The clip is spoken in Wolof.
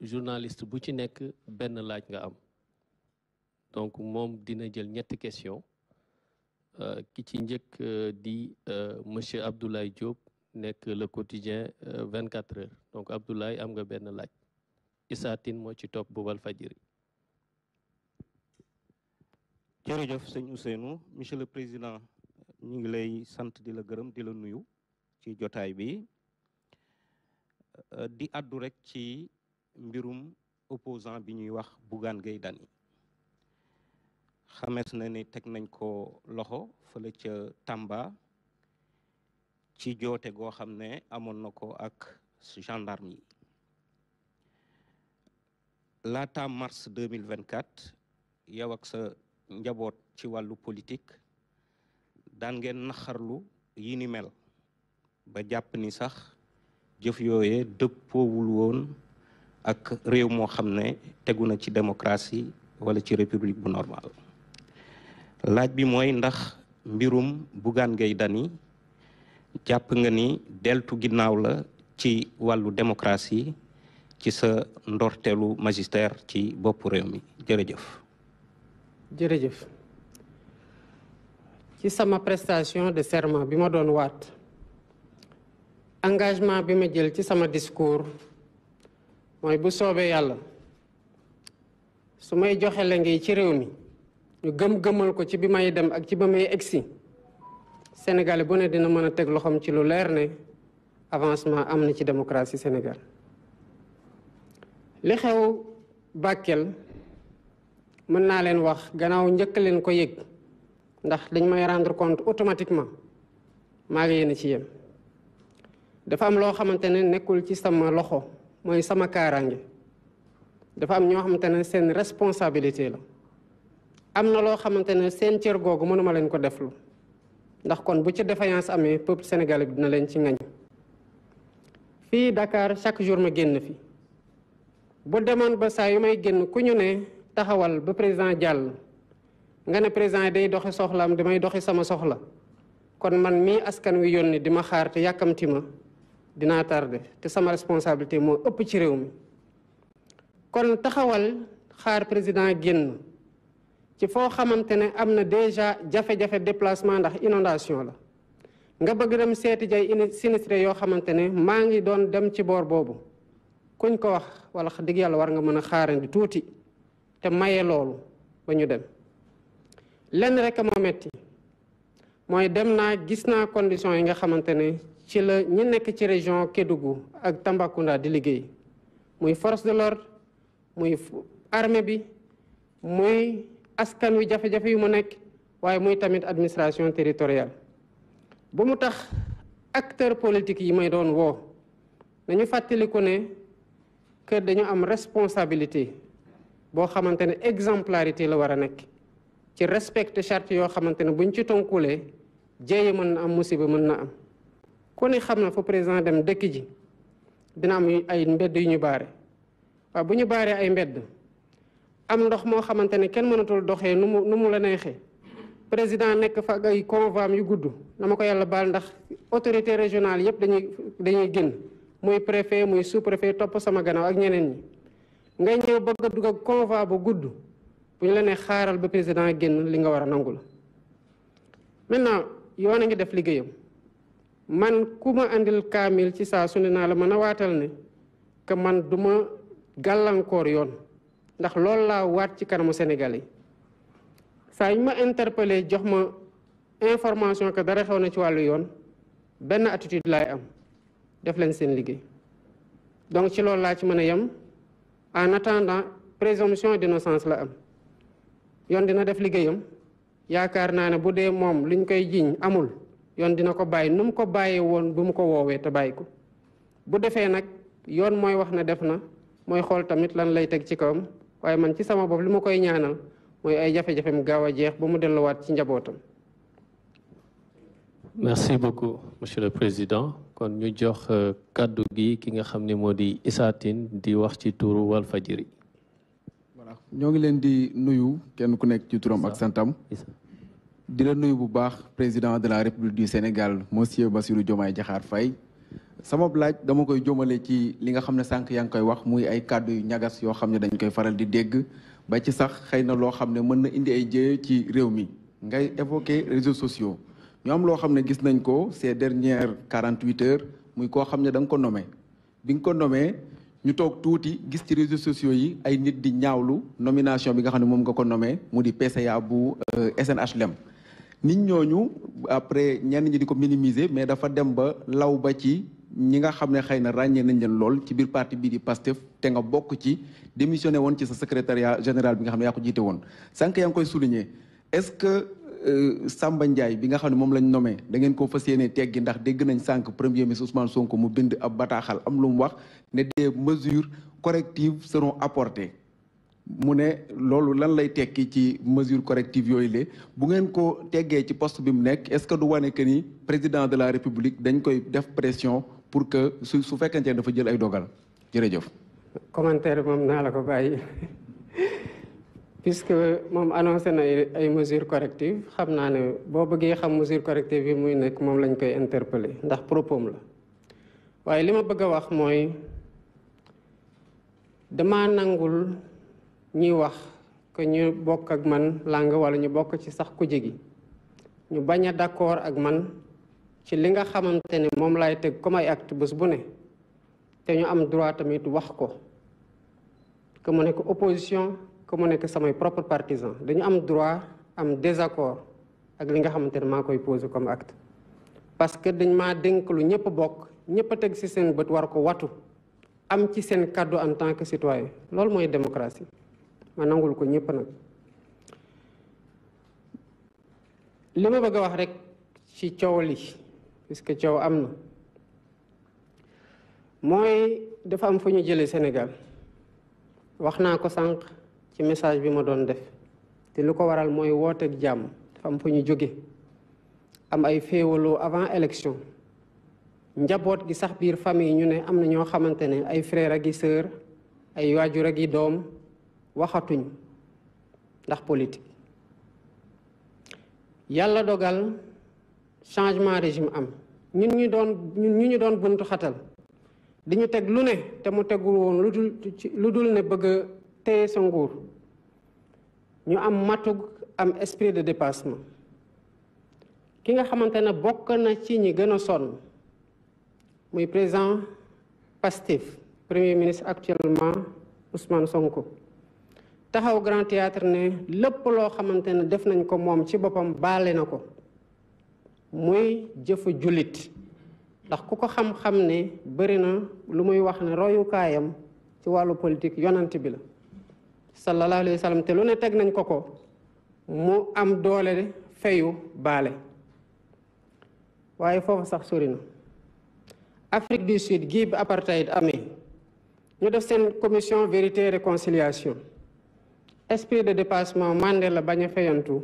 journaliste bu ci nekk benn laaj nga am donc moom dina jël ñetti question euh, ki ci njëkk euh, di euh, monsieur Abdoulaye Diop nekk le quotidien 24 heures donc Abdoulaye am nga benn laaj Issa moo ci topp bu Walfadjri jërëjëf sëñ Ousseynou monsieur le président ñu ngi lay sant di la gërëm di la nuyu ci jotaay bi di addu rek ci mbirum opposant bi ñuy wax Bougane gay Dany xamees na ni teg nañ ko loxo fële ca Tamba ci joote goo xam ne amoon na ko ak gendarme yi laata mars 2024 yow ak sa njaboot ci wàllu politik daan ngeen naxarlu yi mel ba jàpp ni sax jëf yooye dëppoowul woon ak réew moo xam ne tegu na ci démocratie wala ci république bu normal laaj bi mooy ndax mbirum Bougane ngay Dany jàpp nga ni deltu ginnaaw la ci wàllu démocratie ci sa ndorteelu magistère ci bopp réew mi jërëjëf jërëjëf ci sama prestation de serment bi ma doon waat engagement bi ma jël ci sama discours mooy bu soobee yàlla su may joxe lenge yi ci réew mi ñu gëm-gëmal ko ci bi may dem ak ci ba may egsi Sénégalais bu ne dina mën a teg loxoom ci lu leer ne avancement am na ci démocratie Sénégal li xew Bakel mën naa leen wax gannaaw njëkk leen ko yëg ndax dañ may rendre compte automatiquement maa ngi yéen ci yem dafa am loo xamante ne nekkul ci sama loxo mooy sama kaaraange dafa am ñoo xamante ne seen responsabilité la am na loo xamante ne seen cër googu mënuma leen ko deflu ndax kon bu ci défaillance amee peuple sénégalais bi dina leen ci ngañ fii dakaar chaque jour ma génn fi bu demoon ba saa yu may génn ku ñu ne taxawal ba président jàll nga ne président day doxi soxlaam damay doxi sama soxla kon man mii askan wi yónni di ma xaar te yàkkamti ma dinaa tardé te sama responsabilité moo ëpp ci réew mi kon taxawal xaar président génn ci foo xamante ne am na déjà jafe-jafe déplacement ndax inondation la nga bëgg dem seeti jay sinistré yoo xamante ne maa ngi doon dem ci boor boobu kuñ ko wax wala digg yàlla war nga mën a xaarandi tuuti te maye loolu ba ñu dem lenn rek a metti mooy dem naa gis naa condition yi nga xamante ne ci la ñi nekk ci région gu ak Tambacounda di liggéey muy force de l'ordre muy armée bi muy askan wi jafe-jafe yu mu nekk waaye muy tamit administration territoriale bu mu tax acteur politique yi may doon woo nañu fàttaliku ne que dañu am responsabilité boo xamante ne exemplarité la war a nekk ci respecte charte yoo xamante ne bu buñ ci tonkulee jéye mën na am musiba mën na am ku ne xam na fu président dem dëkk ji dina am ay mbedd yu ñu baare waaw bu ñu baaree ay mbedd am ndox moo xamante ne kenn mënatul doxee nu mu nu mu la neexee président nekk fa ay convoi yu gudd na ma ko yàlla baal ndax autorité régionale yëpp dañuy dañuy génn muy préfet muy sous préfet topp sama gannaaw ak ñeneen ñi ngay ñëw bëgg a dugg ak convoi bu gudd bu ñu la nee xaaral ba président génn li nga war a nangu la maintenant yoon a ngi def liggéeyam man ku ma andil kaamil ci saa su naa la mën a waatal ne que man du ma gàllankoor yoon ndax loolu laa waat ci kanamu Sénégal yi saa yu ma interpellé jox ma information que dara xew na ci wàllu yoon benn attitude laay am def leen seen liggéey donc ci loolu laa ci mën a yem en attendant présomption d'innocence la am. yoon dina def liggéeyam yaakaar naa ne bu dee moom luñ koy jiiñ amul yoon dina ko bàyyi nu mu ko bàyyee woon bu mu ko woowee te bàyyi ko bu defee nag yoon mooy wax ne def na mooy xool tamit lan lay teg ci kawam waaye man ci sama bopp li ma koy ñaanal mooy ay jafe-jafem gaaw a jeex ba mu delluwaat ci njabootam. merci beaucoup monsieur le président kon ñu jox euh, kàddu gi ki nga xam ne moo di Issa di wax ci tuuru Walfadjri ñoo ngi leen di nuyu kenn ku nekk ci turam ak santam di la nuyu bu baax président de la république du Sénégal monsieur Bassirou jomaay Diakhar fay sama laaj dama koy jomale ci li nga xam ne sànq yaa ngi koy wax muy ay kàddu yu ñagas yoo xam ne dañ koy faral di dégg ba ci sax xëy na loo xam ne mën na indi ay jéye ci réew mi ngay évoqué réseaux sociaux ñu am loo xam ne gis nañ ko ces dernières quarante huit heures muy koo xam ne da nga ko nommé bi nga ko nommé ñu toog tuuti gis ci réseaux sociaux yi ay nit di ñaawlu nomination bi nga xam ne moom nga ko nommé mu di PCA bu euh, SNHLM nit ñooñu après ñenn ñi di ko minimiser mais dafa dem ba law ba ci ñi nga xam ne xëy na ràññee nañ leen lool ci biir parti bii di PASTEF te nga bokk ci démissionné woon ci sa secretariat général bi nga xam ne yaa ko jiite woon sànq yaa ngi koy souligner est-ce que Euh, Samba Ndiaye bi nga xam ne moom lañ nommé da ngeen ko fas yéene teggi ndax dégg nañ sànq premier ministre Ousmane Sonko mu bind ab bataaxal am lu mu wax ne des mesures correctives seront apportées mu ne loolu lan lay tekki ci mesure corrective yooyu le bu ngeen ko teggee ci post bi mu nekk est-ce que du wane que nii président de la république dañ koy def pression pour que su su fekkante dafa jël ay dogal jërëjëf. commentaire moom naa la ko bàyyi. puisque moom annoncé na ay mesures corrective xam naa ne boo bëggee xam mesures correctives yi muy nekk moom lañu koy interpeller ndax propos la waaye li ma bëgg a wax mooy dama nangul ñuy wax que ñu bokk ak man làng wala ñu bokk ci sax kuje gi ñu bañ a d'accord ak man ci li nga xamante ne moom laay teg comme ay acte bu ne te ñu am droit tamit wax ko que mu nekk opposition que mu nekk samay propre partisan dañu am droit am désaccord ak li nga xamante ne maa koy posé comme acte parce que dañ maa dénk lu ñëpp bokk ñëpp a teg ci seen bët war ko watu am ci seen kàddu en tant que citoyen loolu mooy démocratie ma nangul ko ñëpp nag li ma bëgg a wax rek ci coow li puisque coow am na mooy dafa am fu ñu jëlee Sénégal wax naa ko sànq ci message bi ma doon def te lu ko waral mooy wooteeg jàmm dafa am fa ñu jóge am ay féewaloo avant élection njaboot gi sax biir famille ñu ne am na ñoo xamante ne ay frère ak i sœur ay waajur ak i doom waxatuñ ndax politique yàlla dogal changement régime am ñun ñu doon ñu doon buntu xatal di ñu teg lu ne te mu tegul lu dul ne bëgg téye sa nguur ñu am matug am esprit de dépassement ki nga xamante ne bokk na ci ñi gën a sonn muy président Pastef premier ministre actuellement Ousmane Sonko taxaw Grand Théâtre ne lépp loo xamante ne def nañ ko moom ci boppam baale na ko muy jëfu jullit ndax ku ko xam-xam ne bëri na lu muy wax ne royukaayam ci wàllu politique yonant bi la sallallahu alayhi wa te lu ne teg nañ ko ko mu am doole feyu baale waaye foofu sax sori na Afrique du Sud gii bi apartheid amee ñu def seen commission vérité réconciliation esprit de dépassement la bañ a fayantu